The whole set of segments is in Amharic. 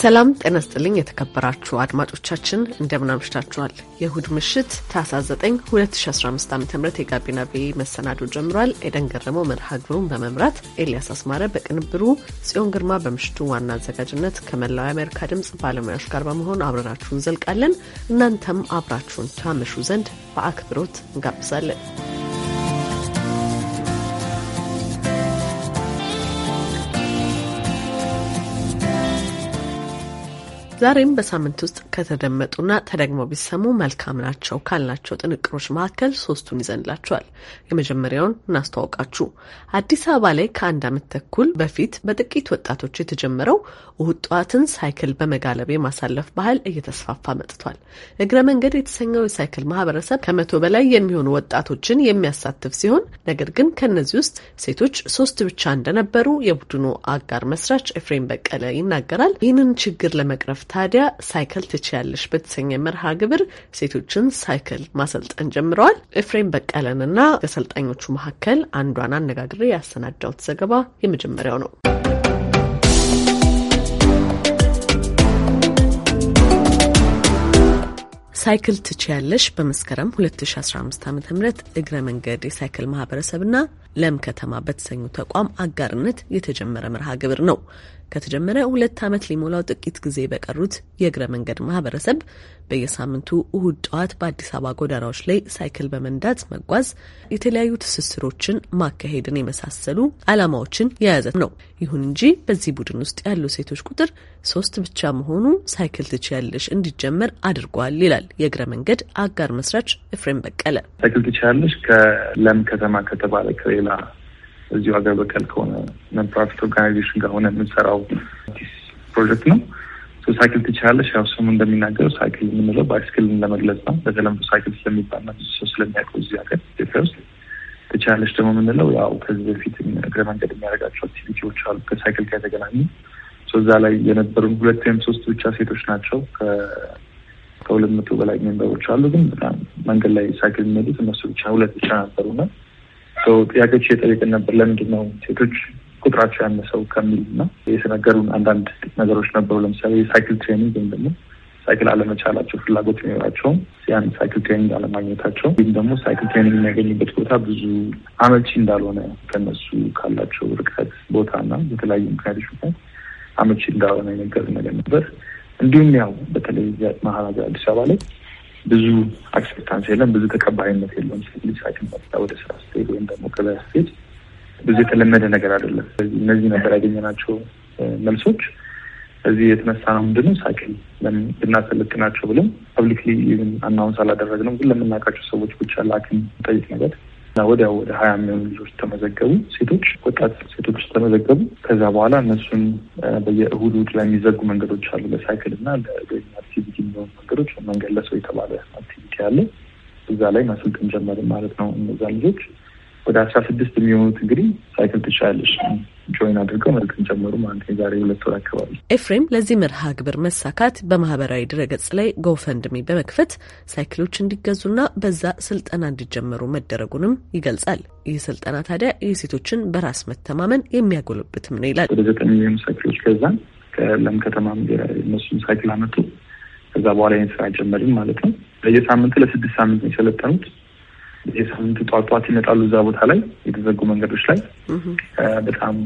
ሰላም ጤና ስጥልኝ የተከበራችሁ አድማጮቻችን እንደምን አምሽታችኋል። የእሁድ ምሽት ታህሳስ 9 2015 ዓ ም የጋቢና ቤ መሰናዶ ጀምሯል። ኤደን ገረመው መርሃ ግብሩን በመምራት ኤልያስ አስማረ በቅንብሩ፣ ጽዮን ግርማ በምሽቱ ዋና አዘጋጅነት ከመላው የአሜሪካ ድምፅ ባለሙያዎች ጋር በመሆን አብረናችሁን ዘልቃለን። እናንተም አብራችሁን ታመሹ ዘንድ በአክብሮት እንጋብዛለን። ዛሬም በሳምንት ውስጥ ከተደመጡና ተደግመው ቢሰሙ መልካም ናቸው ካልናቸው ጥንቅሮች መካከል ሶስቱን ይዘንላቸዋል። የመጀመሪያውን እናስተዋውቃችሁ። አዲስ አበባ ላይ ከአንድ ዓመት ተኩል በፊት በጥቂት ወጣቶች የተጀመረው እሁድ ጠዋትን ሳይክል በመጋለብ የማሳለፍ ባህል እየተስፋፋ መጥቷል። እግረ መንገድ የተሰኘው የሳይክል ማህበረሰብ ከመቶ በላይ የሚሆኑ ወጣቶችን የሚያሳትፍ ሲሆን ነገር ግን ከእነዚህ ውስጥ ሴቶች ሶስት ብቻ እንደነበሩ የቡድኑ አጋር መስራች ኤፍሬም በቀለ ይናገራል። ይህንን ችግር ለመቅረፍ ታዲያ ሳይክል ትችያለሽ በተሰኘ መርሃ ግብር ሴቶችን ሳይክል ማሰልጠን ጀምረዋል። ኤፍሬም በቀለንና ከሰልጣኞቹ መካከል አንዷን አነጋግሬ ያሰናዳሁት ዘገባ የመጀመሪያው ነው። ሳይክል ትችያለሽ በመስከረም 2015 ዓ ም እግረ መንገድ የሳይክል ማህበረሰብና ለም ከተማ በተሰኙ ተቋም አጋርነት የተጀመረ መርሃ ግብር ነው። ከተጀመረ ሁለት ዓመት ሊሞላው ጥቂት ጊዜ በቀሩት የእግረ መንገድ ማህበረሰብ በየሳምንቱ እሁድ ጠዋት በአዲስ አበባ ጎዳናዎች ላይ ሳይክል በመንዳት መጓዝ፣ የተለያዩ ትስስሮችን ማካሄድን የመሳሰሉ ዓላማዎችን የያዘ ነው። ይሁን እንጂ በዚህ ቡድን ውስጥ ያሉ ሴቶች ቁጥር ሶስት ብቻ መሆኑ ሳይክል ትችያለሽ እንዲጀመር አድርጓል ይላል የእግረ መንገድ አጋር መስራች ኤፍሬም በቀለ። ሳይክል ትችያለሽ ከለም ከተማ ከተባለ ከሌላ እዚሁ ሀገር በቀል ከሆነ ነን ፕሮፊት ኦርጋናይዜሽን ጋር ሆነ የምንሰራው አዲስ ፕሮጀክት ነው። ሳይክል ትችላለሽ። ያው ስሙ እንደሚናገረው ሳይክል የምንለው ባይስክልን ለመግለጽ ነው። በተለምዶ ሳይክል ስለሚባልና ብዙ ሰው ስለሚያውቀው እዚህ ሀገር ኢትዮጵያ ውስጥ ትችላለሽ ደግሞ የምንለው ያው ከዚህ በፊት እግረ መንገድ የሚያደርጋቸው አክቲቪቲዎች አሉ ከሳይክል ጋር የተገናኙ እዛ ላይ የነበሩን ሁለት ወይም ሶስት ብቻ ሴቶች ናቸው። ከሁለት መቶ በላይ ሜምበሮች አሉ። ግን በጣም መንገድ ላይ ሳይክል የሚሄዱት እነሱ ብቻ ሁለት ብቻ ነበሩና ጥያቄዎች እየጠየቅን ነበር። ለምንድን ነው ሴቶች ቁጥራቸው ያነሰው ከሚል እና የተነገሩን አንዳንድ ነገሮች ነበሩ። ለምሳሌ የሳይክል ትሬኒንግ ወይም ደግሞ ሳይክል አለመቻላቸው ፍላጎት የሚኖራቸውም ያን ሳይክል ትሬኒንግ አለማግኘታቸው ወይም ደግሞ ሳይክል ትሬኒንግ የሚያገኝበት ቦታ ብዙ አመቺ እንዳልሆነ ከነሱ ካላቸው ርቀት ቦታና በተለያዩ ምክንያቶች ምክንያት አመቺ እንዳልሆነ የነገር ነገር ነበር። እንዲሁም ያው በተለይ መሀል ሀገር አዲስ አበባ ላይ ብዙ አክሴፕታንስ የለም፣ ብዙ ተቀባይነት የለውም። ሳይክል መጣ ወደ ስራ ስትሄድ ወይም ደግሞ ገበያ ስትሄድ ብዙ የተለመደ ነገር አይደለም። እነዚህ ነበር ያገኘናቸው መልሶች። እዚህ የተነሳ ነው ምንድነው ብናሰልጥ ናቸው ብለን ፐብሊክሊ አናውንስ አላደረግንም፣ ግን ለምናውቃቸው ሰዎች ብቻ ላክን ጠይቅ ነገር ወዲያው ወደ ሀያ የሚሆኑ ልጆች ተመዘገቡ። ሴቶች ወጣት ሴቶች ተመዘገቡ። ከዛ በኋላ እነሱን በየእሁድ እሁድ ላይ የሚዘጉ መንገዶች አሉ፣ ለሳይክል እና ለእግረኛ አክቲቪቲ የሚሆኑ መንገዶች። መንገድ ለሰው የተባለ አክቲቪቲ አለ። እዛ ላይ ማሰልጠን ጀመርን ማለት ነው እነዛ ልጆች ወደ አስራ ስድስት የሚሆኑት እንግዲህ ሳይክል ትችላለች ጆይን አድርገው መልክ ጀመሩ ማለት የዛሬ ሁለት ወር አካባቢ። ኤፍሬም ለዚህ መርሃ ግብር መሳካት በማህበራዊ ድረገጽ ላይ ጎፈንድሚ በመክፈት ሳይክሎች እንዲገዙና በዛ ስልጠና እንዲጀመሩ መደረጉንም ይገልጻል። ይህ ስልጠና ታዲያ የሴቶችን በራስ መተማመን የሚያጎለብትም ነው ይላል። ወደ ዘጠኝ የሚሆኑ ሳይክሎች ገዛ ከለም ከተማም እነሱን ሳይክል አመጡ። ከዛ በኋላ ይህን ስራ ጀመርን ማለት ነው። በየሳምንት ለስድስት ሳምንት ነው የሰለጠኑት። የሳምንቱ ጧጧት ይመጣሉ እዛ ቦታ ላይ የተዘጉ መንገዶች ላይ በጣም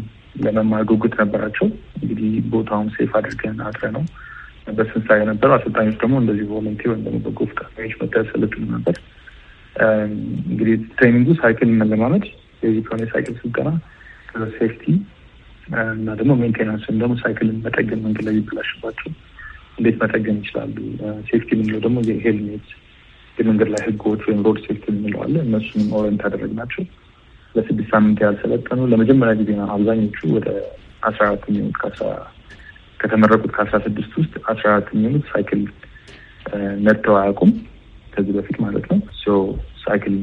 ለመማር ጉጉት ነበራቸው። እንግዲህ ቦታውን ሴፍ አድርገን አድረ ነው በስንሳ ነበሩ። አሰልጣኞች ደግሞ እንደዚህ ቮለንቲ ወይም ደግሞ በጎ ፈቃደኞች መታያ ሰለጥኑ ነበር። እንግዲህ ትሬኒንጉ ሳይክል መለማመድ፣ የዚህ ከሆነ የሳይክል ስልጠና፣ ከዛ ሴፍቲ እና ደግሞ ሜንቴናንስ ወይም ደግሞ ሳይክልን መጠገን መንገድ ላይ ይበላሽባቸው እንዴት መጠገን ይችላሉ። ሴፍቲ የምንለው ደግሞ የሄልሜት የመንገድ ላይ ህጎች ወይም ሮድ ሴፍቲ የምንለዋለ እነሱንም ኦሬንት ያደረግናቸው ለስድስት ሳምንት ያልሰለጠኑ ለመጀመሪያ ጊዜ ነው። አብዛኞቹ ወደ አስራ አራት የሚሆኑት ከአስራ ከተመረቁት ከአስራ ስድስት ውስጥ አስራ አራት የሚሆኑት ሳይክል ነድተው አያውቁም ከዚህ በፊት ማለት ነው። ሳይክል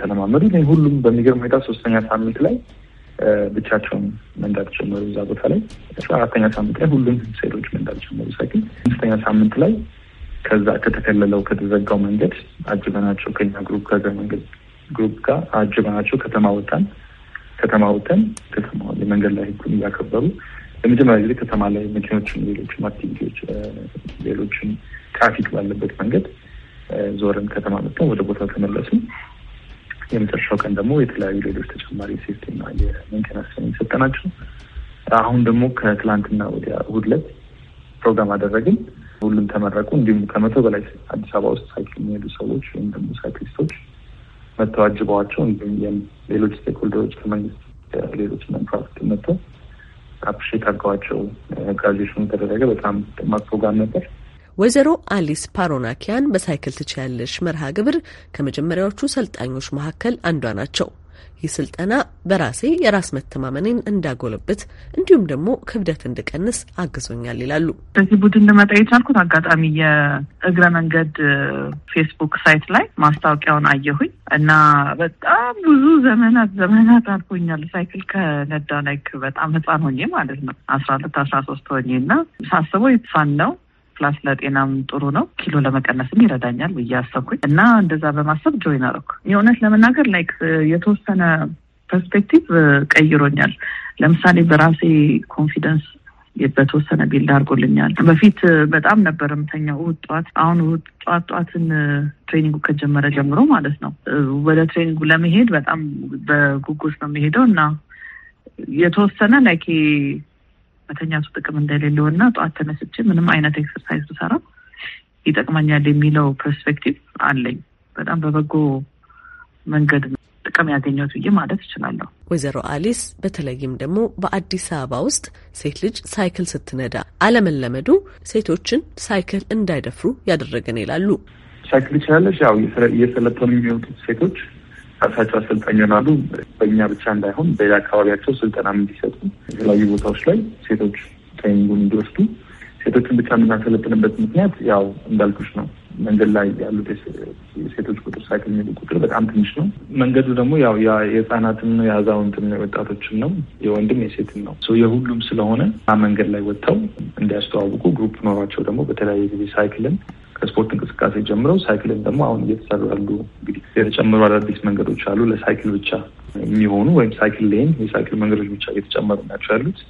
ተለማመዱ። ሁሉም በሚገርም ሁኔታ ሶስተኛ ሳምንት ላይ ብቻቸውን መንዳት ጀመሩ። እዛ ቦታ ላይ አራተኛ ሳምንት ላይ ሁሉም ሴቶች መንዳት ጀመሩ ሳይክል። አምስተኛ ሳምንት ላይ ከዛ ከተከለለው ከተዘጋው መንገድ አጅበናቸው ከኛ ግሩፕ ከዛ መንገድ ግሩፕ ጋር አጅበናቸው ከተማ ወጣን። ከተማ ወጥተን ከተማ የመንገድ ላይ ህጉን እያከበሩ ለመጀመሪያ ጊዜ ከተማ ላይ መኪኖችን፣ ሌሎችን አክቲቪቲዎች፣ ሌሎችን ትራፊክ ባለበት መንገድ ዞረን ከተማ መጥተን ወደ ቦታው ተመለሱ። የመጨረሻው ቀን ደግሞ የተለያዩ ሌሎች ተጨማሪ ሴፍቲ ሴፍቲና የሜንቴናንስ ሰጠናቸው። አሁን ደግሞ ከትላንትና ወዲያ እሑድ ዕለት ፕሮግራም አደረግን። ሁሉም ተመረቁ። እንዲሁም ከመቶ በላይ አዲስ አበባ ውስጥ ሳይክል የሚሄዱ ሰዎች ወይም ደግሞ ሳይክሊስቶች መጥተው አጅበዋቸው እንዲሁም ሌሎች ስቴክሆልደሮች ከመንግስት ሌሎች መንፋት መጥተው አፕሬት አድርገዋቸው ግራጁዌሽኑ ተደረገ። በጣም ደማቅ ፕሮግራም ነበር። ወይዘሮ አሊስ ፓሮናኪያን በሳይክል ትችያለሽ መርሃ ግብር ከመጀመሪያዎቹ ሰልጣኞች መካከል አንዷ ናቸው። ይህ ስልጠና በራሴ የራስ መተማመኔን እንዳጎለብት እንዲሁም ደግሞ ክብደት እንድቀንስ አግዞኛል ይላሉ። በዚህ ቡድን ልመጣ የቻልኩት አጋጣሚ የእግረ መንገድ ፌስቡክ ሳይት ላይ ማስታወቂያውን አየሁኝ እና በጣም ብዙ ዘመናት ዘመናት አልፎኛል ሳይክል ከነዳ ላይክ በጣም ህፃን ሆኜ ማለት ነው አስራ ሁለት አስራ ሶስት ሆኜ እና ሳስበው የተሳን ነው ፕላስ ለጤናም ጥሩ ነው፣ ኪሎ ለመቀነስም ይረዳኛል ብዬ አሰብኩኝ እና እንደዛ በማሰብ ጆይን አረኩ። የእውነት ለመናገር ላይክ የተወሰነ ፐርስፔክቲቭ ቀይሮኛል። ለምሳሌ በራሴ ኮንፊደንስ በተወሰነ ቢልድ አድርጎልኛል። በፊት በጣም ነበር የምተኛው እሑድ ጠዋት። አሁን እሑድ ጠዋት ጠዋትን ትሬኒንጉ ከጀመረ ጀምሮ ማለት ነው ወደ ትሬኒንጉ ለመሄድ በጣም በጉጉት ነው የሚሄደው እና የተወሰነ ላይክ መተኛቱ ጥቅም እንደሌለው እና ጠዋት ተነስቼ ምንም አይነት ኤክሰርሳይዝ ብሰራ ይጠቅመኛል የሚለው ፐርስፔክቲቭ አለኝ። በጣም በበጎ መንገድ ጥቅም ያገኘሁት ብዬ ማለት እችላለሁ። ወይዘሮ አሊስ በተለይም ደግሞ በአዲስ አበባ ውስጥ ሴት ልጅ ሳይክል ስትነዳ አለመለመዱ ሴቶችን ሳይክል እንዳይደፍሩ ያደረገን ይላሉ። ሳይክል ይችላለች። ያው እየሰለጠኑ የሚወጡት ሴቶች ራሳቸው አሰልጣኝ ይሆናሉ። በእኛ ብቻ እንዳይሆን አካባቢያቸው ስልጠናም እንዲሰጡ የተለያዩ ቦታዎች ላይ ሴቶች ትሬኒንጉን እንዲወስዱ ሴቶችን ብቻ የምናሰለጥንበት ምክንያት ያው እንዳልኩሽ ነው። መንገድ ላይ ያሉት ሴቶች ቁጥር ሳይክል የሚሉ ቁጥር በጣም ትንሽ ነው። መንገዱ ደግሞ ያው የህፃናትን ነው፣ የአዛውንትን ነው፣ የወጣቶችን ነው፣ የወንድም የሴትን ነው። የሁሉም ስለሆነ መንገድ ላይ ወጥተው እንዲያስተዋውቁ ግሩፕ ኖሯቸው ደግሞ በተለያየ ጊዜ ሳይክልን ከስፖርት እንቅስቃሴ ጀምረው ሳይክልን ደግሞ አሁን እየተሰሩ ያሉ እንግዲህ የተጨመሩ አዳዲስ መንገዶች አሉ ለሳይክል ብቻ የሚሆኑ ወይም ሳይክል ሌን የሳይክል መንገዶች ብቻ እየተጨመሩ ናቸው ያሉት።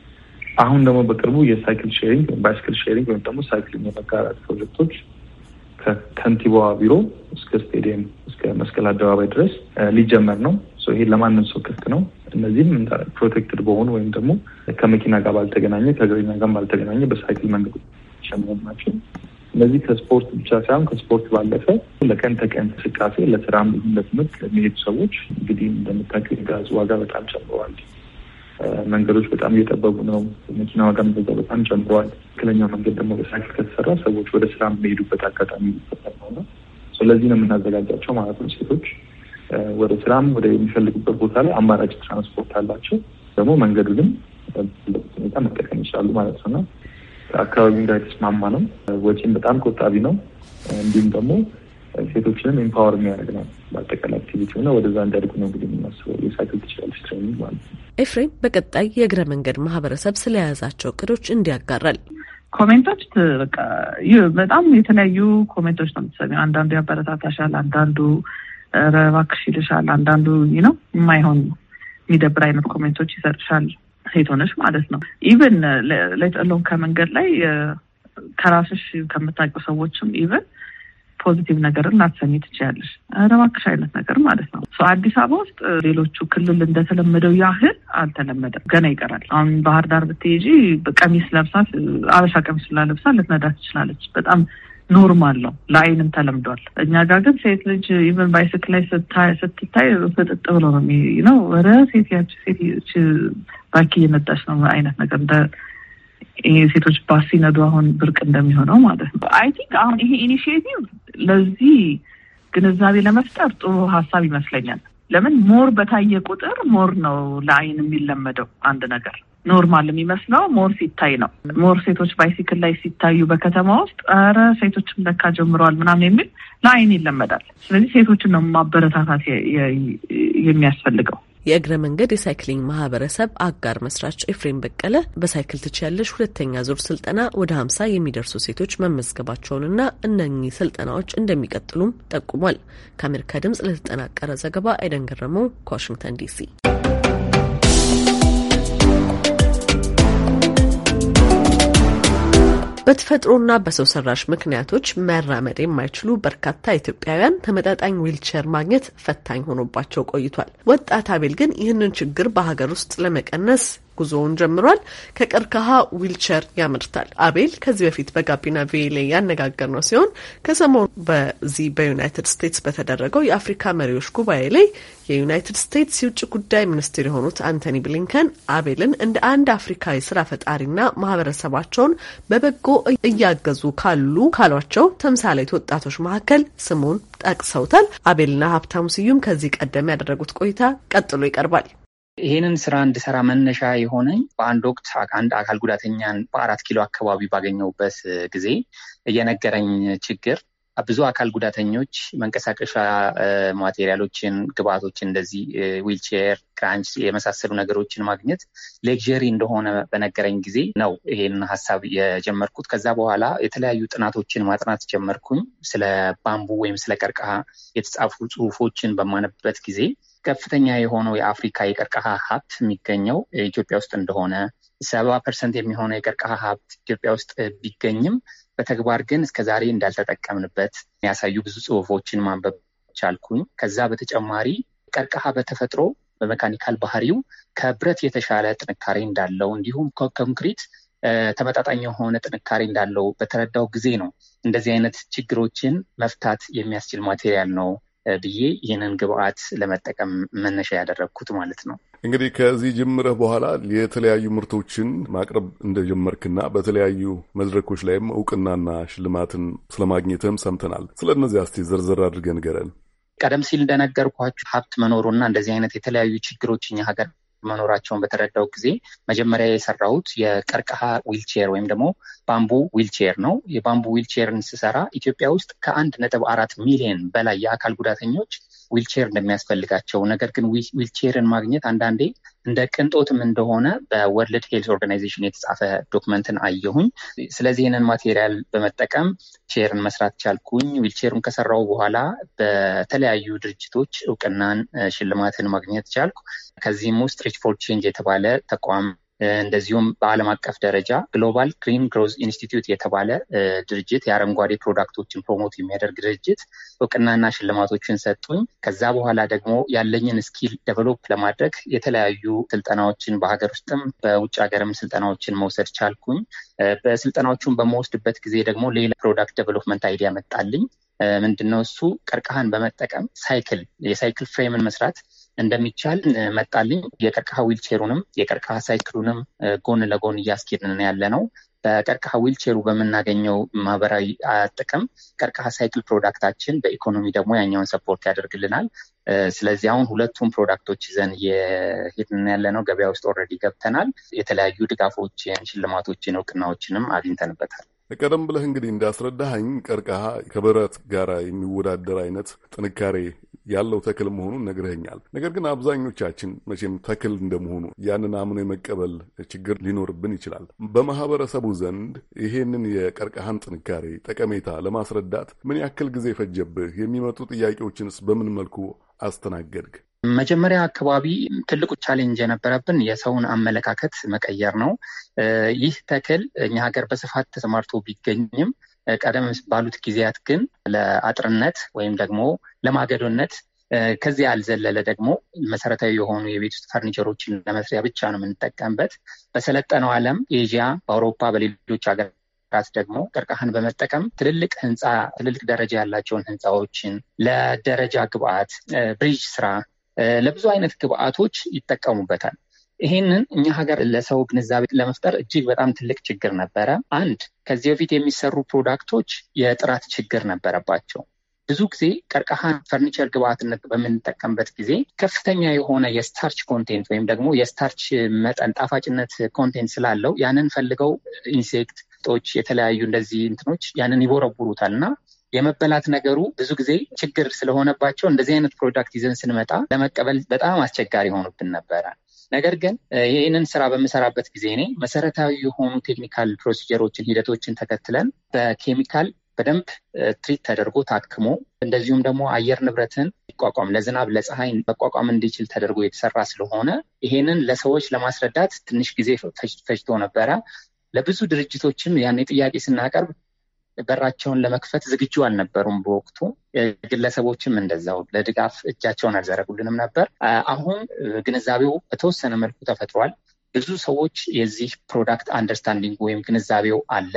አሁን ደግሞ በቅርቡ የሳይክል ሼሪንግ ባይስክል ሼሪንግ ወይም ደግሞ ሳይክል የመጋራት ፕሮጀክቶች ከከንቲባዋ ቢሮ እስከ ስቴዲየም እስከ መስቀል አደባባይ ድረስ ሊጀመር ነው። ይሄ ለማንም ሰው ክፍት ነው። እነዚህም ፕሮቴክትድ በሆኑ ወይም ደግሞ ከመኪና ጋር ባልተገናኘ ከእግረኛ ጋር ባልተገናኘ በሳይክል መንገዶች ናቸው። ስለዚህ ከስፖርት ብቻ ሳይሆን ከስፖርት ባለፈ ለቀን ተቀን እንቅስቃሴ ለስራም ይሁን ለትምህርት ለሚሄዱ ሰዎች እንግዲህ እንደምታውቂው የጋዝ ዋጋ በጣም ጨምረዋል። መንገዶች በጣም እየጠበቡ ነው። መኪና ዋጋ መገዛ በጣም ጨምረዋል። ትክክለኛው መንገድ ደግሞ በሳይክል ከተሰራ ሰዎች ወደ ስራ የሚሄዱበት አጋጣሚ ሊፈጠር ነው ስለዚህ ነው የምናዘጋጃቸው ማለት ነው። ሴቶች ወደ ስራም ወደ የሚፈልጉበት ቦታ ላይ አማራጭ ትራንስፖርት አላቸው። ደግሞ መንገዱንም ሁኔታ መጠቀም ይችላሉ ማለት ነው። አካባቢ ጋር የተስማማ ነው። ወጪም በጣም ቆጣቢ ነው። እንዲሁም ደግሞ ሴቶችንም ኤምፓወር የሚያደርግ ነው። በአጠቃላይ አክቲቪቲ ሆነ ወደዛ እንዲያድጉ ነው እንግዲህ የምናስበው የሳይክል ትችላለች ትሬኒንግ ማለት ነው። ኤፍሬም በቀጣይ የእግረ መንገድ ማህበረሰብ ስለያዛቸው እቅዶች እንዲያጋራል። ኮሜንቶች በቃ በጣም የተለያዩ ኮሜንቶች ነው የምትሰሚው። አንዳንዱ ያበረታታሻል፣ አንዳንዱ እባክሽ ይልሻል፣ አንዳንዱ ነው የማይሆን የሚደብር አይነት ኮሜንቶች ይሰጥሻል። ሴት ሆነሽ ማለት ነው። ኢቨን ሌትሎም ከመንገድ ላይ ከራስሽ ከምታውቂው ሰዎችም ኢቨን ፖዚቲቭ ነገርን ላትሰሚ ትችያለሽ። ረባክሽ አይነት ነገር ማለት ነው። አዲስ አበባ ውስጥ ሌሎቹ ክልል እንደተለመደው ያህል አልተለመደም፣ ገና ይቀራል። አሁን ባህር ዳር ብትሄጂ ቀሚስ ለብሳት አበሻ ቀሚስ ላለብሳ ልትነዳ ትችላለች። በጣም ኖርማል ነው፣ ለአይንም ተለምዷል። እኛ ጋር ግን ሴት ልጅ ኢቨን ባይስክል ላይ ስትታይ ፍጥጥ ብሎ ነው ነው ረ ሴት ያች ሴት ባኪ እየመጣች ነው አይነት ነገር እንደ ሴቶች ባስ ሲነዱ አሁን ብርቅ እንደሚሆነው ማለት ነው። አይ ቲንክ አሁን ይሄ ኢኒሽቲቭ ለዚህ ግንዛቤ ለመፍጠር ጥሩ ሀሳብ ይመስለኛል። ለምን ሞር በታየ ቁጥር ሞር ነው ለአይን የሚለመደው አንድ ነገር ኖርማል የሚመስለው ሞር ሲታይ ነው። ሞር ሴቶች ባይሲክል ላይ ሲታዩ በከተማ ውስጥ ኧረ ሴቶችም ለካ ጀምረዋል ምናምን የሚል ለአይን ይለመዳል። ስለዚህ ሴቶችን ነው ማበረታታት የሚያስፈልገው። የእግረ መንገድ የሳይክሊንግ ማህበረሰብ አጋር መስራች ኤፍሬም በቀለ በሳይክል ትችያለሽ ሁለተኛ ዙር ስልጠና ወደ ሀምሳ የሚደርሱ ሴቶች መመዝገባቸውንና እነኚህ ስልጠናዎች እንደሚቀጥሉም ጠቁሟል። ከአሜሪካ ድምጽ ለተጠናቀረ ዘገባ አይደን ገረመው ከዋሽንግተን ዲሲ በተፈጥሮና በሰው ሰራሽ ምክንያቶች መራመድ የማይችሉ በርካታ ኢትዮጵያውያን ተመጣጣኝ ዊልቸር ማግኘት ፈታኝ ሆኖባቸው ቆይቷል። ወጣት አቤል ግን ይህንን ችግር በሀገር ውስጥ ለመቀነስ ጉዞውን ጀምሯል። ከቀርከሃ ዊልቸር ያመርታል። አቤል ከዚህ በፊት በጋቢና ቪኦኤ ያነጋገር ነው ሲሆን ከሰሞኑ በዚህ በዩናይትድ ስቴትስ በተደረገው የአፍሪካ መሪዎች ጉባኤ ላይ የዩናይትድ ስቴትስ የውጭ ጉዳይ ሚኒስትር የሆኑት አንቶኒ ብሊንከን አቤልን እንደ አንድ አፍሪካዊ ስራ ፈጣሪና ማህበረሰባቸውን በበጎ እያገዙ ካሉ ካሏቸው ተምሳሌት ወጣቶች መካከል ስሙን ጠቅሰውታል። አቤልና ሀብታሙ ስዩም ከዚህ ቀደም ያደረጉት ቆይታ ቀጥሎ ይቀርባል። ይህንን ስራ እንድሰራ መነሻ የሆነኝ በአንድ ወቅት አንድ አካል ጉዳተኛን በአራት ኪሎ አካባቢ ባገኘውበት ጊዜ የነገረኝ ችግር ብዙ አካል ጉዳተኞች መንቀሳቀሻ ማቴሪያሎችን፣ ግብአቶችን እንደዚህ ዊልቼር፣ ክራንች የመሳሰሉ ነገሮችን ማግኘት ሌክዠሪ እንደሆነ በነገረኝ ጊዜ ነው ይሄን ሀሳብ የጀመርኩት። ከዛ በኋላ የተለያዩ ጥናቶችን ማጥናት ጀመርኩኝ። ስለ ባምቡ ወይም ስለ ቀርቀሃ የተጻፉ ጽሁፎችን በማነብበት ጊዜ ከፍተኛ የሆነው የአፍሪካ የቀርቀሃ ሀብት የሚገኘው ኢትዮጵያ ውስጥ እንደሆነ ሰባ ፐርሰንት የሚሆነው የቀርቀሃ ሀብት ኢትዮጵያ ውስጥ ቢገኝም በተግባር ግን እስከዛሬ እንዳልተጠቀምንበት የሚያሳዩ ብዙ ጽሁፎችን ማንበብ ቻልኩኝ። ከዛ በተጨማሪ ቀርቀሃ በተፈጥሮ በመካኒካል ባህሪው ከብረት የተሻለ ጥንካሬ እንዳለው እንዲሁም ከኮንክሪት ተመጣጣኝ የሆነ ጥንካሬ እንዳለው በተረዳው ጊዜ ነው እንደዚህ አይነት ችግሮችን መፍታት የሚያስችል ማቴሪያል ነው ብዬ ይህንን ግብአት ለመጠቀም መነሻ ያደረግኩት ማለት ነው። እንግዲህ ከዚህ ጀምረህ በኋላ የተለያዩ ምርቶችን ማቅረብ እንደጀመርክና በተለያዩ መድረኮች ላይም እውቅናና ሽልማትን ስለማግኘትም ሰምተናል። ስለ እነዚህ አስቲ ዝርዝር አድርገህ ንገረን። ቀደም ሲል እንደነገርኳችሁ ሀብት መኖሩና እንደዚህ አይነት የተለያዩ ችግሮች እኛ ሀገር መኖራቸውን በተረዳው ጊዜ መጀመሪያ የሰራሁት የቀርቀሃ ዊልቼር ወይም ደግሞ ባምቡ ዊልቼር ነው። የባምቡ ዊልቼርን ስሰራ ኢትዮጵያ ውስጥ ከአንድ ነጥብ አራት ሚሊዮን በላይ የአካል ጉዳተኞች ዊልቼር እንደሚያስፈልጋቸው ነገር ግን ዊልቼርን ማግኘት አንዳንዴ እንደ ቅንጦትም እንደሆነ በወርልድ ሄልት ኦርጋናይዜሽን የተጻፈ ዶክመንትን አየሁኝ። ስለዚህ ይህንን ማቴሪያል በመጠቀም ቼርን መስራት ቻልኩኝ። ዊልቼሩን ከሰራው በኋላ በተለያዩ ድርጅቶች እውቅናን፣ ሽልማትን ማግኘት ቻልኩ። ከዚህም ውስጥ ሪች ፎር ቼንጅ የተባለ ተቋም እንደዚሁም በዓለም አቀፍ ደረጃ ግሎባል ግሪን ግሮዝ ኢንስቲትዩት የተባለ ድርጅት የአረንጓዴ ፕሮዳክቶችን ፕሮሞት የሚያደርግ ድርጅት እውቅናና ሽልማቶችን ሰጡኝ። ከዛ በኋላ ደግሞ ያለኝን ስኪል ደቨሎፕ ለማድረግ የተለያዩ ስልጠናዎችን በሀገር ውስጥም በውጭ ሀገርም ስልጠናዎችን መውሰድ ቻልኩኝ። በስልጠናዎቹን በመወስድበት ጊዜ ደግሞ ሌላ ፕሮዳክት ደቨሎፕመንት አይዲያ መጣልኝ። ምንድነው እሱ ቀርቀሃን በመጠቀም ሳይክል የሳይክል ፍሬምን መስራት እንደሚቻል መጣልኝ። የቀርከሃ ዊልቼሩንም የቀርከሃ ሳይክሉንም ጎን ለጎን እያስኬድን ያለ ነው። በቀርከሃ ዊልቼሩ በምናገኘው ማህበራዊ ጥቅም ቀርከሃ ሳይክል ፕሮዳክታችን በኢኮኖሚ ደግሞ ያኛውን ሰፖርት ያደርግልናል። ስለዚህ አሁን ሁለቱም ፕሮዳክቶች ይዘን የሄድን ነው። ገበያ ውስጥ ኦልሬዲ ገብተናል። የተለያዩ ድጋፎችን፣ ሽልማቶችን፣ እውቅናዎችንም አግኝተንበታል። ቀደም ብለህ እንግዲህ እንዳስረዳኸኝ ቀርከሃ ከብረት ጋር የሚወዳደር አይነት ጥንካሬ ያለው ተክል መሆኑን ነግረኛል። ነገር ግን አብዛኞቻችን መቼም ተክል እንደመሆኑ ያንን አምኖ የመቀበል ችግር ሊኖርብን ይችላል። በማህበረሰቡ ዘንድ ይሄንን የቀርከሃን ጥንካሬ ጠቀሜታ ለማስረዳት ምን ያክል ጊዜ ፈጀብህ? የሚመጡ ጥያቄዎችንስ በምን መልኩ አስተናገድግ? መጀመሪያ አካባቢ ትልቁ ቻሌንጅ የነበረብን የሰውን አመለካከት መቀየር ነው። ይህ ተክል እኛ ሀገር በስፋት ተሰማርቶ ቢገኝም ቀደም ባሉት ጊዜያት ግን ለአጥርነት ወይም ደግሞ ለማገዶነት ከዚያ ያልዘለለ ደግሞ መሰረታዊ የሆኑ የቤት ውስጥ ፈርኒቸሮችን ለመስሪያ ብቻ ነው የምንጠቀምበት። በሰለጠነው ዓለም ኤዥያ፣ በአውሮፓ፣ በሌሎች ሀገራት ደግሞ ቀርከሃን በመጠቀም ትልልቅ ህንፃ ትልልቅ ደረጃ ያላቸውን ህንፃዎችን ለደረጃ ግብአት፣ ብሪጅ ስራ ለብዙ አይነት ግብአቶች ይጠቀሙበታል። ይህንን እኛ ሀገር ለሰው ግንዛቤ ለመፍጠር እጅግ በጣም ትልቅ ችግር ነበረ። አንድ ከዚህ በፊት የሚሰሩ ፕሮዳክቶች የጥራት ችግር ነበረባቸው። ብዙ ጊዜ ቀርከሃን ፈርኒቸር ግብአትነት በምንጠቀምበት ጊዜ ከፍተኛ የሆነ የስታርች ኮንቴንት ወይም ደግሞ የስታርች መጠን ጣፋጭነት ኮንቴንት ስላለው ያንን ፈልገው ጦች የተለያዩ እንደዚህ እንትኖች ያንን ይቦረቡሩታል እና የመበላት ነገሩ ብዙ ጊዜ ችግር ስለሆነባቸው እንደዚህ አይነት ፕሮዳክት ይዘን ስንመጣ ለመቀበል በጣም አስቸጋሪ ሆኑብን ነበረ። ነገር ግን ይህንን ስራ በምሰራበት ጊዜ እኔ መሰረታዊ የሆኑ ቴክኒካል ፕሮሲጀሮችን፣ ሂደቶችን ተከትለን በኬሚካል በደንብ ትሪት ተደርጎ ታክሞ እንደዚሁም ደግሞ አየር ንብረትን ይቋቋም ለዝናብ ለፀሐይ መቋቋም እንዲችል ተደርጎ የተሰራ ስለሆነ ይሄንን ለሰዎች ለማስረዳት ትንሽ ጊዜ ፈጅቶ ነበረ። ለብዙ ድርጅቶችም ያኔ ጥያቄ ስናቀርብ በራቸውን ለመክፈት ዝግጁ አልነበሩም በወቅቱ። ግለሰቦችም እንደዛው ለድጋፍ እጃቸውን አልዘረጉልንም ነበር። አሁን ግንዛቤው በተወሰነ መልኩ ተፈጥሯል። ብዙ ሰዎች የዚህ ፕሮዳክት አንደርስታንዲንግ ወይም ግንዛቤው አለ።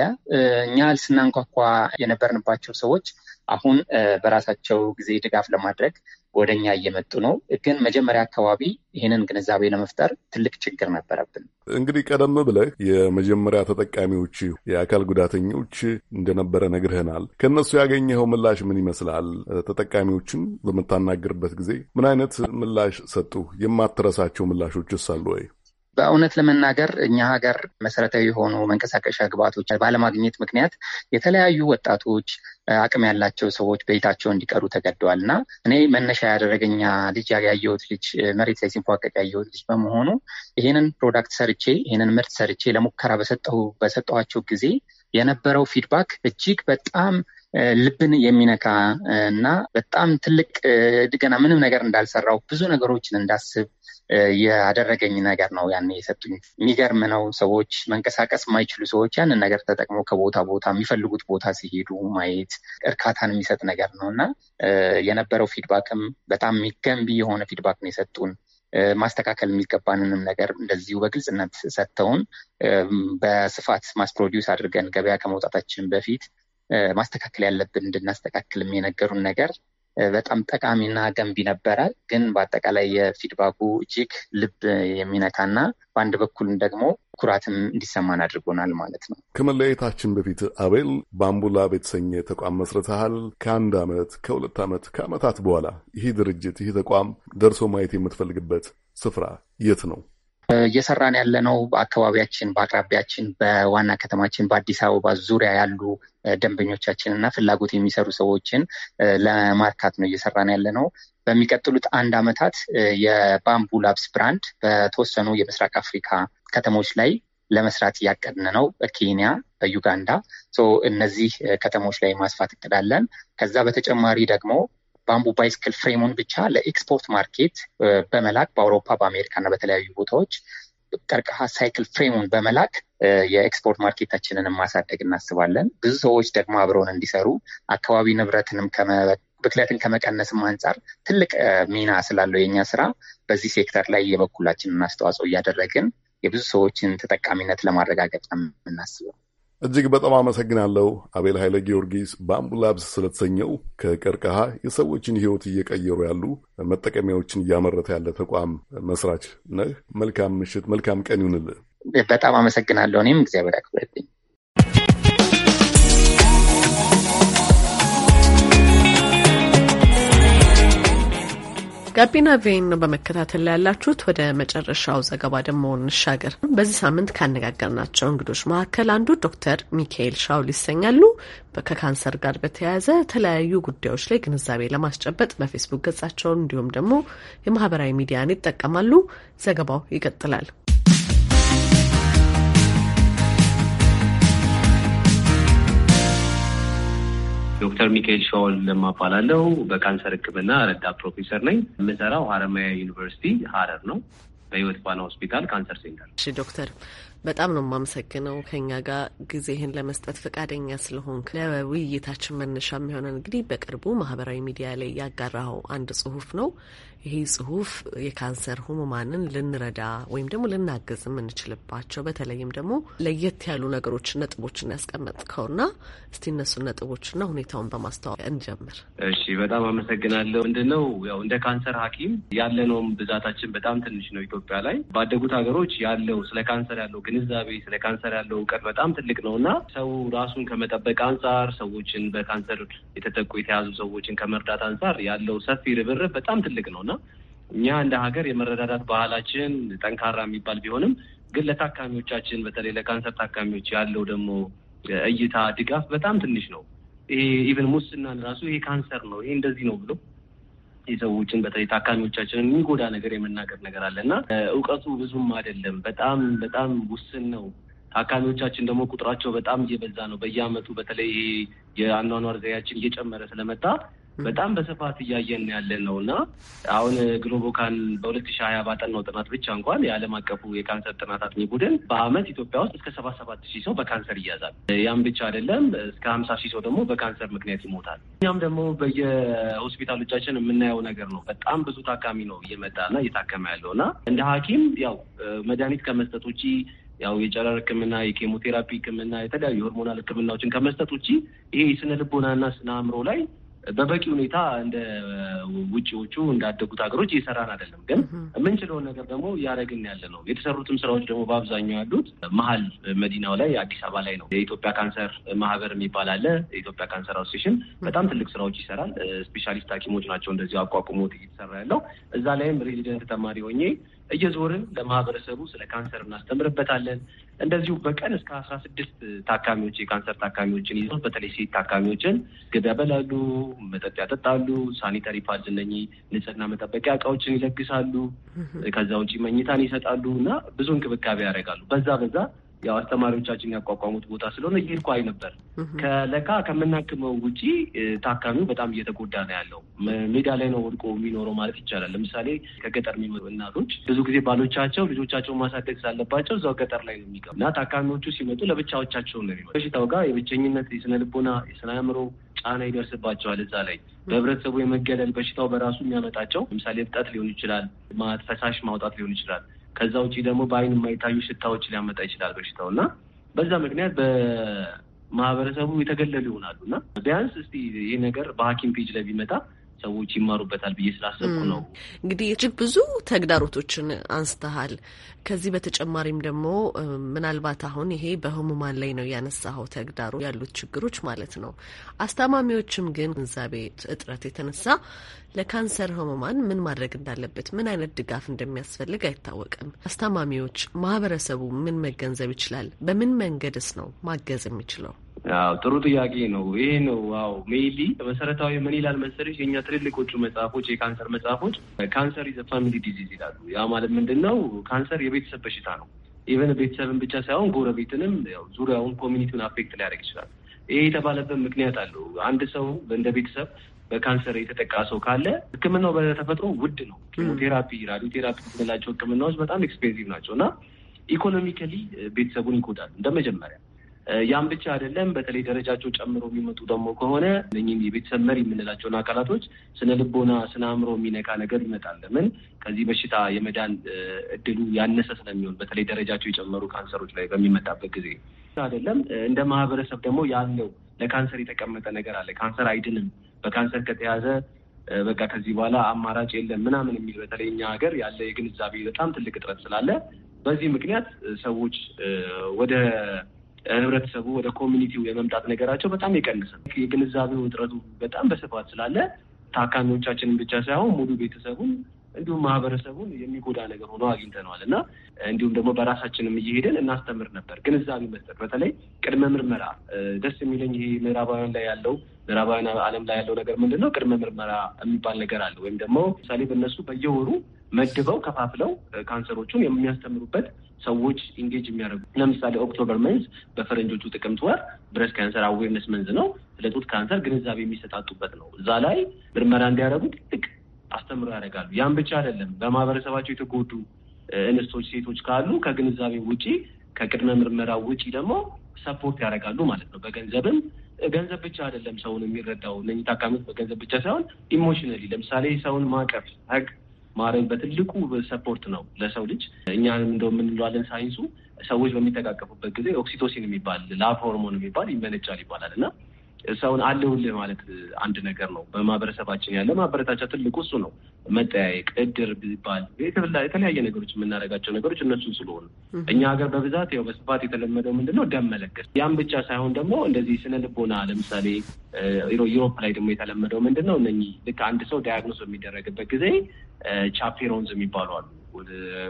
እኛ ስናንኳኳ የነበርንባቸው ሰዎች አሁን በራሳቸው ጊዜ ድጋፍ ለማድረግ ወደኛ እየመጡ ነው። ግን መጀመሪያ አካባቢ ይህንን ግንዛቤ ለመፍጠር ትልቅ ችግር ነበረብን። እንግዲህ ቀደም ብለህ የመጀመሪያ ተጠቃሚዎች የአካል ጉዳተኞች እንደነበረ ነግርህናል። ከእነሱ ያገኘኸው ምላሽ ምን ይመስላል? ተጠቃሚዎችን በምታናግርበት ጊዜ ምን አይነት ምላሽ ሰጡ? የማትረሳቸው ምላሾችስ አሉ ወይ? በእውነት ለመናገር እኛ ሀገር መሰረታዊ የሆኑ መንቀሳቀሻ ግብዓቶች ባለማግኘት ምክንያት የተለያዩ ወጣቶች አቅም ያላቸው ሰዎች በይታቸው እንዲቀሩ ተገደዋል እና እኔ መነሻ ያደረገኛ ልጅ ያየሁት ልጅ መሬት ላይ ሲንፏቀቅ ያየሁት ልጅ በመሆኑ ይህንን ፕሮዳክት ሰርቼ ይህንን ምርት ሰርቼ ለሙከራ በሰጠኋቸው ጊዜ የነበረው ፊድባክ እጅግ በጣም ልብን የሚነካ እና በጣም ትልቅ ድገና ምንም ነገር እንዳልሰራው ብዙ ነገሮችን እንዳስብ ያደረገኝ ነገር ነው። ያን የሰጡኝ የሚገርም ነው። ሰዎች መንቀሳቀስ የማይችሉ ሰዎች ያንን ነገር ተጠቅመው ከቦታ ቦታ የሚፈልጉት ቦታ ሲሄዱ ማየት እርካታን የሚሰጥ ነገር ነው እና የነበረው ፊድባክም በጣም ገንቢ የሆነ ፊድባክ ነው የሰጡን። ማስተካከል የሚገባንንም ነገር እንደዚሁ በግልጽነት ሰጥተውን በስፋት ማስፕሮዲውስ አድርገን ገበያ ከመውጣታችን በፊት ማስተካከል ያለብን እንድናስተካክል የነገሩን ነገር በጣም ጠቃሚና ገንቢ ነበረ። ግን በአጠቃላይ የፊድባኩ እጅግ ልብ የሚነካና በአንድ በኩልም ደግሞ ኩራትም እንዲሰማን አድርጎናል ማለት ነው። ከመለያየታችን በፊት አቤል በአምቡላ የተሰኘ ተቋም መስረተሃል ከአንድ ዓመት ከሁለት ዓመት ከዓመታት በኋላ ይህ ድርጅት ይህ ተቋም ደርሶ ማየት የምትፈልግበት ስፍራ የት ነው? እየሰራን ያለነው በአካባቢያችን በአቅራቢያችን በዋና ከተማችን በአዲስ አበባ ዙሪያ ያሉ ደንበኞቻችን እና ፍላጎት የሚሰሩ ሰዎችን ለማርካት ነው እየሰራን ያለነው። በሚቀጥሉት አንድ አመታት የባምቡ ላብስ ብራንድ በተወሰኑ የምስራቅ አፍሪካ ከተሞች ላይ ለመስራት እያቀድን ነው። በኬንያ፣ በዩጋንዳ እነዚህ ከተሞች ላይ ማስፋት እቅዳለን። ከዛ በተጨማሪ ደግሞ ባምቡ ባይስክል ፍሬሙን ብቻ ለኤክስፖርት ማርኬት በመላክ በአውሮፓ በአሜሪካና በተለያዩ ቦታዎች ቀርቀሃ ሳይክል ፍሬሙን በመላክ የኤክስፖርት ማርኬታችንን ማሳደግ እናስባለን። ብዙ ሰዎች ደግሞ አብረውን እንዲሰሩ አካባቢ ንብረትንም ብክለትን ከመቀነስም አንጻር ትልቅ ሚና ስላለው የኛ ስራ በዚህ ሴክተር ላይ የበኩላችንን አስተዋጽኦ እያደረግን የብዙ ሰዎችን ተጠቃሚነት ለማረጋገጥ ነው የምናስበው። እጅግ በጣም አመሰግናለሁ አቤል ኃይለ ጊዮርጊስ በአምቡላብስ ስለተሰኘው ከቀርከሃ የሰዎችን ሕይወት እየቀየሩ ያሉ መጠቀሚያዎችን እያመረተ ያለ ተቋም መስራች ነህ። መልካም ምሽት፣ መልካም ቀን ይሁንልህ። በጣም አመሰግናለሁ። እኔም እግዚአብሔር ያክብርልኝ። ጋቢና ቬን ነው በመከታተል ላይ ያላችሁት። ወደ መጨረሻው ዘገባ ደግሞ እንሻገር። በዚህ ሳምንት ካነጋገርናቸው እንግዶች መካከል አንዱ ዶክተር ሚካኤል ሻውል ይሰኛሉ። ከካንሰር ጋር በተያያዘ የተለያዩ ጉዳዮች ላይ ግንዛቤ ለማስጨበጥ በፌስቡክ ገጻቸውን እንዲሁም ደግሞ የማህበራዊ ሚዲያን ይጠቀማሉ። ዘገባው ይቀጥላል። ዶክተር ሚካኤል ሸዋል ለማባላለው በካንሰር ሕክምና ረዳት ፕሮፌሰር ነኝ። የምሰራው ሀረማያ ዩኒቨርሲቲ ሀረር ነው በህይወት ባና ሆስፒታል ካንሰር ሴንተር። እሺ ዶክተር በጣም ነው የማመሰግነው ከኛ ጋር ጊዜህን ለመስጠት ፈቃደኛ ስለሆንክ። ለውይይታችን መነሻ የሚሆነን እንግዲህ በቅርቡ ማህበራዊ ሚዲያ ላይ ያጋራኸው አንድ ጽሁፍ ነው ይሄ ጽሁፍ የካንሰር ህሙማንን ልንረዳ ወይም ደግሞ ልናገዝ የምንችልባቸው በተለይም ደግሞ ለየት ያሉ ነገሮች ነጥቦችን ያስቀመጥከውና እስቲ እነሱን ነጥቦችና ሁኔታውን በማስተዋወቅ እንጀምር። እሺ፣ በጣም አመሰግናለሁ። ምንድን ነው ያው እንደ ካንሰር ሐኪም ያለነውም ብዛታችን በጣም ትንሽ ነው ኢትዮጵያ ላይ። ባደጉት ሀገሮች ያለው ስለ ካንሰር ያለው ግንዛቤ ስለ ካንሰር ያለው እውቀት በጣም ትልቅ ነው እና ሰው ራሱን ከመጠበቅ አንጻር ሰዎችን በካንሰር የተጠቁ የተያዙ ሰዎችን ከመርዳት አንጻር ያለው ሰፊ ርብርብ በጣም ትልቅ ነው። እና እኛ እንደ ሀገር የመረዳዳት ባህላችን ጠንካራ የሚባል ቢሆንም ግን ለታካሚዎቻችን በተለይ ለካንሰር ታካሚዎች ያለው ደግሞ እይታ ድጋፍ በጣም ትንሽ ነው። ይሄ ኢቨን ሙስናን ራሱ ይሄ ካንሰር ነው ይሄ እንደዚህ ነው ብሎ የሰዎችን በተለይ ታካሚዎቻችንን የሚጎዳ ነገር የመናገር ነገር አለ እና እውቀቱ ብዙም አይደለም፣ በጣም በጣም ውስን ነው። ታካሚዎቻችን ደግሞ ቁጥራቸው በጣም እየበዛ ነው። በየአመቱ በተለይ ይሄ የአኗኗር ዘያችን እየጨመረ ስለመጣ በጣም በስፋት እያየን ያለን ነው እና አሁን ግሎቦካን በሁለት ሺ ሀያ ባጠናው ጥናት ብቻ እንኳን የዓለም አቀፉ የካንሰር ጥናት አጥኚ ቡድን በአመት ኢትዮጵያ ውስጥ እስከ ሰባ ሰባት ሺህ ሰው በካንሰር ይያዛል። ያም ብቻ አይደለም፣ እስከ ሀምሳ ሺህ ሰው ደግሞ በካንሰር ምክንያት ይሞታል። እኛም ደግሞ በየሆስፒታሎቻችን የምናየው ነገር ነው። በጣም ብዙ ታካሚ ነው እየመጣና እየታከመ ያለው እና እንደ ሐኪም ያው መድኃኒት ከመስጠት ውጪ ያው የጨረር ሕክምና፣ የኬሞቴራፒ ሕክምና፣ የተለያዩ የሆርሞናል ሕክምናዎችን ከመስጠት ውጪ ይሄ ስነ ልቦናና ስነ አእምሮ ላይ በበቂ ሁኔታ እንደ ውጭዎቹ እንዳደጉት ሀገሮች እየሰራን አይደለም። ግን የምንችለውን ነገር ደግሞ እያደረግን ያለ ነው። የተሰሩትም ስራዎች ደግሞ በአብዛኛው ያሉት መሀል መዲናው ላይ አዲስ አበባ ላይ ነው። የኢትዮጵያ ካንሰር ማህበር የሚባል አለ። የኢትዮጵያ ካንሰር አሶሴሽን በጣም ትልቅ ስራዎች ይሰራል። ስፔሻሊስት ሐኪሞች ናቸው እንደዚሁ አቋቁሞት እየተሰራ ያለው እዛ ላይም ሬዚደንት ተማሪ ሆኜ እየዞርን ለማህበረሰቡ ስለ ካንሰር እናስተምርበታለን። እንደዚሁ በቀን እስከ አስራ ስድስት ታካሚዎች የካንሰር ታካሚዎችን ይዘው በተለይ ሴት ታካሚዎችን ገብ ያበላሉ፣ መጠጥ ያጠጣሉ፣ ሳኒታሪ ፓድ እነ ንጽህና መጠበቂያ እቃዎችን ይለግሳሉ። ከዛ ውጭ መኝታን ይሰጣሉ እና ብዙ እንክብካቤ ያደርጋሉ። በዛ በዛ ያው አስተማሪዎቻችን ያቋቋሙት ቦታ ስለሆነ ይሄድኩ አይ ነበር። ከለካ ከምናክመው ውጪ ታካሚው በጣም እየተጎዳ ነው ያለው። ሜዳ ላይ ነው ወድቆ የሚኖረው ማለት ይቻላል። ለምሳሌ ከገጠር የሚመጡ እናቶች ብዙ ጊዜ ባሎቻቸው ልጆቻቸውን ማሳደግ ስላለባቸው እዛው ገጠር ላይ ነው የሚገቡ እና ታካሚዎቹ ሲመጡ ለብቻዎቻቸው ነው የሚመጡ። በሽታው ጋር የብቸኝነት የስነ ልቦና የስነ አእምሮ ጫና ይደርስባቸዋል። እዛ ላይ በህብረተሰቡ የመገለል በሽታው በራሱ የሚያመጣቸው ለምሳሌ እብጠት ሊሆን ይችላል፣ ፈሳሽ ማውጣት ሊሆን ይችላል ከዛ ውጭ ደግሞ በአይን የማይታዩ ሽታዎች ሊያመጣ ይችላል በሽታው እና በዛ ምክንያት በማህበረሰቡ የተገለሉ ይሆናሉ እና ቢያንስ እስቲ ይህ ነገር በሐኪም ፔጅ ላይ ቢመጣ ሰዎች ይማሩበታል ብዬ ስላሰብኩ ነው። እንግዲህ እጅግ ብዙ ተግዳሮቶችን አንስተሃል። ከዚህ በተጨማሪም ደግሞ ምናልባት አሁን ይሄ በህሙማን ላይ ነው ያነሳኸው ተግዳሮ ያሉት ችግሮች ማለት ነው። አስታማሚዎችም ግን ግንዛቤ እጥረት የተነሳ ለካንሰር ህሙማን ምን ማድረግ እንዳለበት፣ ምን አይነት ድጋፍ እንደሚያስፈልግ አይታወቅም። አስታማሚዎች፣ ማህበረሰቡ ምን መገንዘብ ይችላል? በምን መንገድስ ነው ማገዝ የሚችለው? ጥሩ ጥያቄ ነው። ይህ ነው ዋው ሜይሊ መሰረታዊ ምን ይላል መሰለሽ፣ የእኛ ትልልቆቹ መጽሐፎች የካንሰር መጽሐፎች ካንሰር ኢዝ ፋሚሊ ዲዚዝ ይላሉ። ያ ማለት ምንድን ነው? ካንሰር የቤተሰብ በሽታ ነው። ኢቨን ቤተሰብን ብቻ ሳይሆን ጎረቤትንም፣ ዙሪያውን፣ ኮሚኒቲውን አፌክት ሊያደርግ ይችላል። ይሄ የተባለበት ምክንያት አለው። አንድ ሰው እንደ ቤተሰብ በካንሰር የተጠቃ ሰው ካለ ሕክምናው በተፈጥሮ ውድ ነው። ራዲዮ ራዲዮቴራፒ ላቸው ሕክምናዎች በጣም ኤክስፔንሲቭ ናቸው እና ኢኮኖሚካሊ ቤተሰቡን እንደ እንደመጀመሪያ ያም ብቻ አይደለም። በተለይ ደረጃቸው ጨምሮ የሚመጡ ደግሞ ከሆነ እኚህም የቤተሰብ መሪ የምንላቸውን አካላቶች ስነ ልቦና፣ ስነ አእምሮ የሚነካ ነገር ይመጣል። ለምን ከዚህ በሽታ የመዳን እድሉ ያነሰ ስለሚሆን በተለይ ደረጃቸው የጨመሩ ካንሰሮች ላይ በሚመጣበት ጊዜ አይደለም። እንደ ማህበረሰብ ደግሞ ያለው ለካንሰር የተቀመጠ ነገር አለ። ካንሰር አይድንም፣ በካንሰር ከተያዘ በቃ ከዚህ በኋላ አማራጭ የለም ምናምን የሚል በተለይ እኛ ሀገር ያለ የግንዛቤ በጣም ትልቅ እጥረት ስላለ በዚህ ምክንያት ሰዎች ወደ ህብረተሰቡ ወደ ኮሚኒቲው የመምጣት ነገራቸው በጣም የቀንሰ የግንዛቤው እጥረቱ በጣም በስፋት ስላለ ታካሚዎቻችንን ብቻ ሳይሆን ሙሉ ቤተሰቡን እንዲሁም ማህበረሰቡን የሚጎዳ ነገር ሆኖ አግኝተነዋል እና እንዲሁም ደግሞ በራሳችንም እየሄደን እናስተምር ነበር። ግንዛቤ መስጠት በተለይ ቅድመ ምርመራ ደስ የሚለኝ ይሄ ምዕራባውያን ላይ ያለው ምዕራባውያን ዓለም ላይ ያለው ነገር ምንድን ነው? ቅድመ ምርመራ የሚባል ነገር አለ ወይም ደግሞ ምሳሌ በእነሱ በየወሩ መድበው ከፋፍለው ካንሰሮቹን የሚያስተምሩበት ሰዎች ኢንጌጅ የሚያደርጉ ለምሳሌ ኦክቶበር መንዝ በፈረንጆቹ ጥቅምት ወር ብረስ ካንሰር አዌርነስ መንዝ ነው። ስለ ጡት ካንሰር ግንዛቤ የሚሰጣጡበት ነው። እዛ ላይ ምርመራ እንዲያደርጉ ትልቅ አስተምሮ ያደርጋሉ። ያን ብቻ አይደለም። በማህበረሰባቸው የተጎዱ እንስቶች፣ ሴቶች ካሉ ከግንዛቤ ውጪ ከቅድመ ምርመራ ውጪ ደግሞ ሰፖርት ያደርጋሉ ማለት ነው። በገንዘብም ገንዘብ ብቻ አይደለም ሰውን የሚረዳው እነዚህ ታካሚዎች በገንዘብ ብቻ ሳይሆን ኢሞሽናሊ፣ ለምሳሌ ሰውን ማቀፍ ማረግ በትልቁ ሰፖርት ነው ለሰው ልጅ። እኛ እንደው የምንለዋለን ሳይንሱ ሰዎች በሚጠቃቀፉበት ጊዜ ኦክሲቶሲን የሚባል ላቭ ሆርሞን የሚባል ይመነጫል ይባላል እና ሰውን አለሁልህ ማለት አንድ ነገር ነው። በማህበረሰባችን ያለ ማበረታቻ ትልቁ እሱ ነው። መጠያየቅ፣ እድር ቢባል የተለያየ ነገሮች የምናደርጋቸው ነገሮች እነሱን ስለሆኑ እኛ ሀገር በብዛት ያው በስፋት የተለመደው ምንድን ነው ደም መለገስ። ያም ብቻ ሳይሆን ደግሞ እንደዚህ ስነ ልቦና ለምሳሌ ዩሮፕ ላይ ደግሞ የተለመደው ምንድን ነው እነኚህ ልክ አንድ ሰው ዳያግኖስ በሚደረግበት ጊዜ ቻፔሮንዝ የሚባሉ አሉ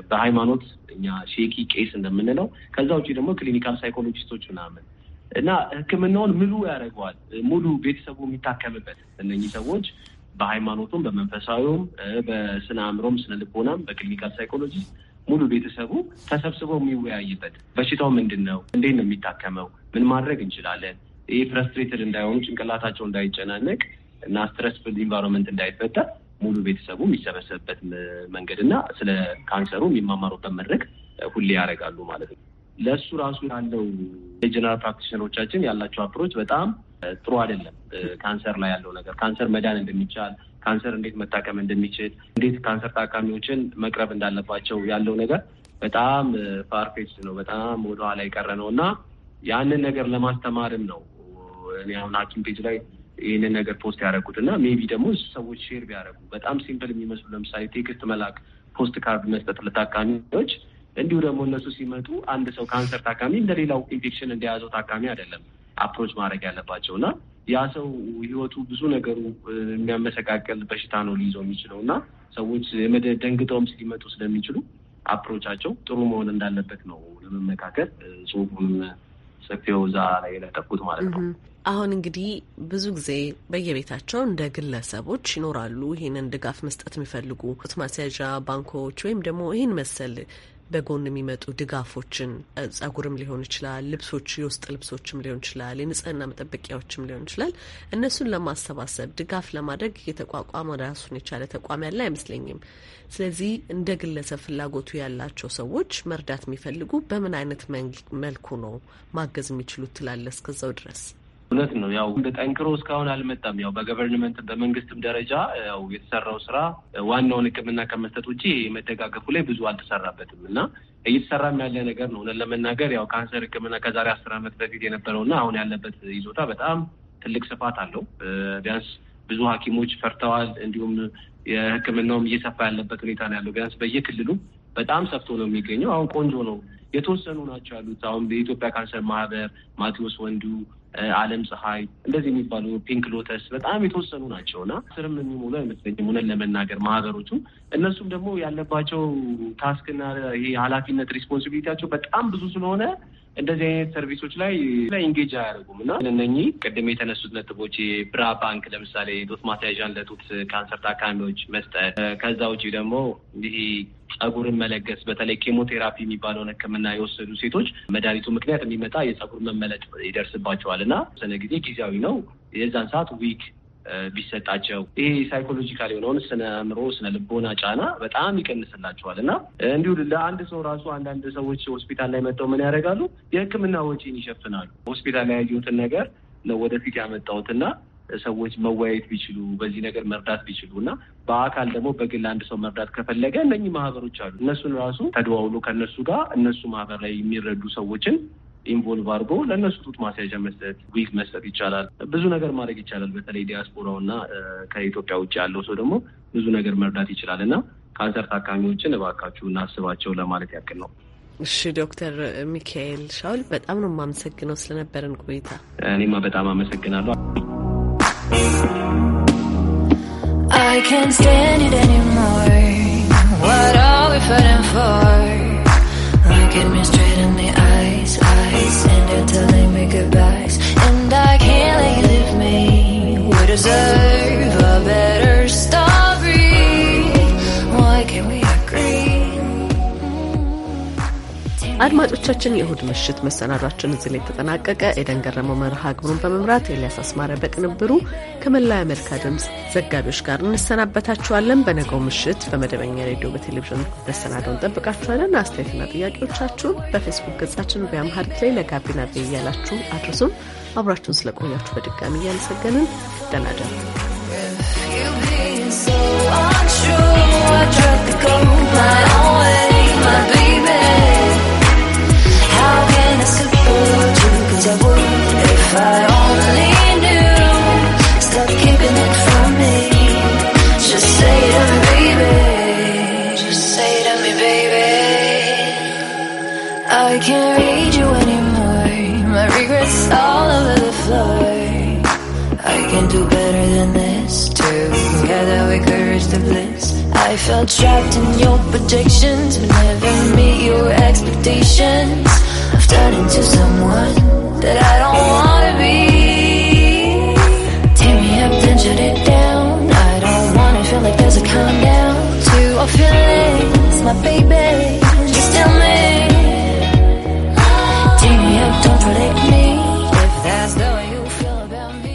በሃይማኖት እኛ ሼኪ ቄስ እንደምንለው። ከዛ ውጭ ደግሞ ክሊኒካል ሳይኮሎጂስቶች ምናምን እና ህክምናውን ምሉ ያደርገዋል። ሙሉ ቤተሰቡ የሚታከምበት እነኚህ ሰዎች በሃይማኖቱም፣ በመንፈሳዊውም፣ በስነ አእምሮም፣ ስነ ልቦናም፣ በክሊኒካል ሳይኮሎጂ ሙሉ ቤተሰቡ ተሰብስበው የሚወያይበት በሽታው ምንድን ነው? እንዴት ነው የሚታከመው? ምን ማድረግ እንችላለን? ይህ ፍረስትሬትድ እንዳይሆኑ ጭንቅላታቸው እንዳይጨናነቅ እና ስትረስፍል ኢንቫይሮንመንት እንዳይፈጠር ሙሉ ቤተሰቡ የሚሰበሰብበት መንገድ እና ስለ ካንሰሩ የሚማማሩበት መድረክ ሁሌ ያደርጋሉ ማለት ነው። ለእሱ ራሱ ያለው የጀነራል ፕራክቲሽነሮቻችን ያላቸው አፕሮች በጣም ጥሩ አይደለም። ካንሰር ላይ ያለው ነገር ካንሰር መዳን እንደሚቻል፣ ካንሰር እንዴት መታከም እንደሚችል፣ እንዴት ካንሰር ታካሚዎችን መቅረብ እንዳለባቸው ያለው ነገር በጣም ፋርፌች ነው፣ በጣም ወደኋላ የቀረ ነው እና ያንን ነገር ለማስተማርም ነው እኔ አሁን ሐኪም ፔጅ ላይ ይህንን ነገር ፖስት ያደረጉት እና ሜቢ ደግሞ ሰዎች ሼር ቢያደረጉ በጣም ሲምፕል የሚመስሉ ለምሳሌ ቴክስት መላክ፣ ፖስት ካርድ መስጠት ለታካሚዎች እንዲሁ ደግሞ እነሱ ሲመጡ አንድ ሰው ካንሰር ታካሚ እንደሌላው ኢንፌክሽን እንደያዘው ታካሚ አይደለም አፕሮች ማድረግ ያለባቸው እና ያ ሰው ህይወቱ ብዙ ነገሩ የሚያመሰቃቀል በሽታ ነው ሊይዘው የሚችለው እና ሰዎች ደንግጠውም ሊመጡ ስለሚችሉ አፕሮቻቸው ጥሩ መሆን እንዳለበት ነው ለመመካከል ጽሁፉም ሰፊው እዛ ላይ ለጠቁት ማለት ነው። አሁን እንግዲህ ብዙ ጊዜ በየቤታቸው እንደ ግለሰቦች ይኖራሉ፣ ይህንን ድጋፍ መስጠት የሚፈልጉ ማስያዣ ባንኮች ወይም ደግሞ ይህን መሰል በጎን የሚመጡ ድጋፎችን ጸጉርም ሊሆን ይችላል፣ ልብሶች፣ የውስጥ ልብሶችም ሊሆን ይችላል፣ የንጽህና መጠበቂያዎችም ሊሆን ይችላል። እነሱን ለማሰባሰብ ድጋፍ ለማድረግ እየተቋቋመ ራሱን የቻለ ተቋም ያለ አይመስለኝም። ስለዚህ እንደ ግለሰብ ፍላጎቱ ያላቸው ሰዎች መርዳት የሚፈልጉ በምን አይነት መልኩ ነው ማገዝ የሚችሉት ትላለ እስከዛው ድረስ እውነት ነው። ያው እንደ ጠንክሮ እስካሁን አልመጣም። ያው በገቨርንመንት በመንግስትም ደረጃ ያው የተሰራው ስራ ዋናውን ሕክምና ከመስጠት ውጭ መደጋገፉ ላይ ብዙ አልተሰራበትም እና እየተሰራም ያለ ነገር ነው። ለመናገር ያው ካንሰር ሕክምና ከዛሬ አስር ዓመት በፊት የነበረውና አሁን ያለበት ይዞታ በጣም ትልቅ ስፋት አለው። ቢያንስ ብዙ ሐኪሞች ፈርተዋል። እንዲሁም የሕክምናውም እየሰፋ ያለበት ሁኔታ ነው ያለው። ቢያንስ በየክልሉ በጣም ሰፍቶ ነው የሚገኘው። አሁን ቆንጆ ነው። የተወሰኑ ናቸው ያሉት። አሁን በኢትዮጵያ ካንሰር ማህበር ማቴዎስ ወንዱ፣ አለም ፀሐይ እንደዚህ የሚባሉ ፒንክ ሎተስ በጣም የተወሰኑ ናቸው እና ስርም የሚሞሉ አይመስለኝም እውነት ለመናገር ማህበሮቹ እነሱም ደግሞ ያለባቸው ታስክና ይሄ ኃላፊነት ሪስፖንሲቢሊቲያቸው በጣም ብዙ ስለሆነ እንደዚህ አይነት ሰርቪሶች ላይ ላይ ኢንጌጅ አያደርጉም እና እነኚህ ቅድም የተነሱት ነጥቦች ብራ ባንክ ለምሳሌ ጡት ማስያዣን ለጡት ካንሰር ታካሚዎች መስጠት፣ ከዛ ውጪ ደግሞ ይህ ጸጉርን መለገስ በተለይ ኬሞቴራፒ የሚባለውን ሕክምና የወሰዱ ሴቶች መድኃኒቱ ምክንያት የሚመጣ የጸጉር መመለጥ ይደርስባቸዋል እና ሰነ ጊዜ ጊዜያዊ ነው። የዛን ሰዓት ዊክ ቢሰጣቸው ይሄ ሳይኮሎጂካል የሆነውን ስነ አእምሮ፣ ስነ ልቦና ጫና በጣም ይቀንስላቸዋል እና እንዲሁ ለአንድ ሰው ራሱ አንዳንድ ሰዎች ሆስፒታል ላይ መጥተው ምን ያደርጋሉ? የሕክምና ወጪን ይሸፍናሉ። ሆስፒታል ላይ ያየሁትን ነገር ነው ወደፊት ያመጣሁትና ሰዎች መወያየት ቢችሉ በዚህ ነገር መርዳት ቢችሉ እና በአካል ደግሞ በግል አንድ ሰው መርዳት ከፈለገ እነኚህ ማህበሮች አሉ። እነሱን ራሱ ተደዋውሎ ከእነሱ ጋር እነሱ ማህበር ላይ የሚረዱ ሰዎችን ኢንቮልቭ አድርጎ ለእነሱ ጡት ማስያዣ መስጠት፣ ዊግ መስጠት ይቻላል። ብዙ ነገር ማድረግ ይቻላል። በተለይ ዲያስፖራው እና ከኢትዮጵያ ውጭ ያለው ሰው ደግሞ ብዙ ነገር መርዳት ይችላል እና ካንሰር ታካሚዎችን እባካችሁ እናስባቸው ለማለት ያክል ነው። እሺ ዶክተር ሚካኤል ሻውል በጣም ነው የማመሰግነው ስለነበረን ቆይታ። እኔማ በጣም አመሰግናለሁ። I can't stand it anymore. What are we fighting for? Look me straight in the eyes. And they're telling me goodbyes And I can't leave me We deserve a better start አድማጮቻችን፣ የእሁድ ምሽት መሰናዷችን እዚህ ላይ ተጠናቀቀ። ኤደን ገረመው መርሃ ግብሩን በመምራት ኤልያስ አስማረ በቅንብሩ ከመላ የአሜሪካ ድምፅ ዘጋቢዎች ጋር እንሰናበታችኋለን። በነገው ምሽት በመደበኛ ሬዲዮ፣ በቴሌቪዥን መሰናዶውን እንጠብቃችኋለን። አስተያየትና ጥያቄዎቻችሁን በፌስቡክ ገጻችን በአምሃሪክ ላይ ለጋቢና ቤ እያላችሁ አድርሱም። አብራችሁን ስለቆያችሁ በድጋሚ እያመሰገንን ደናደሩ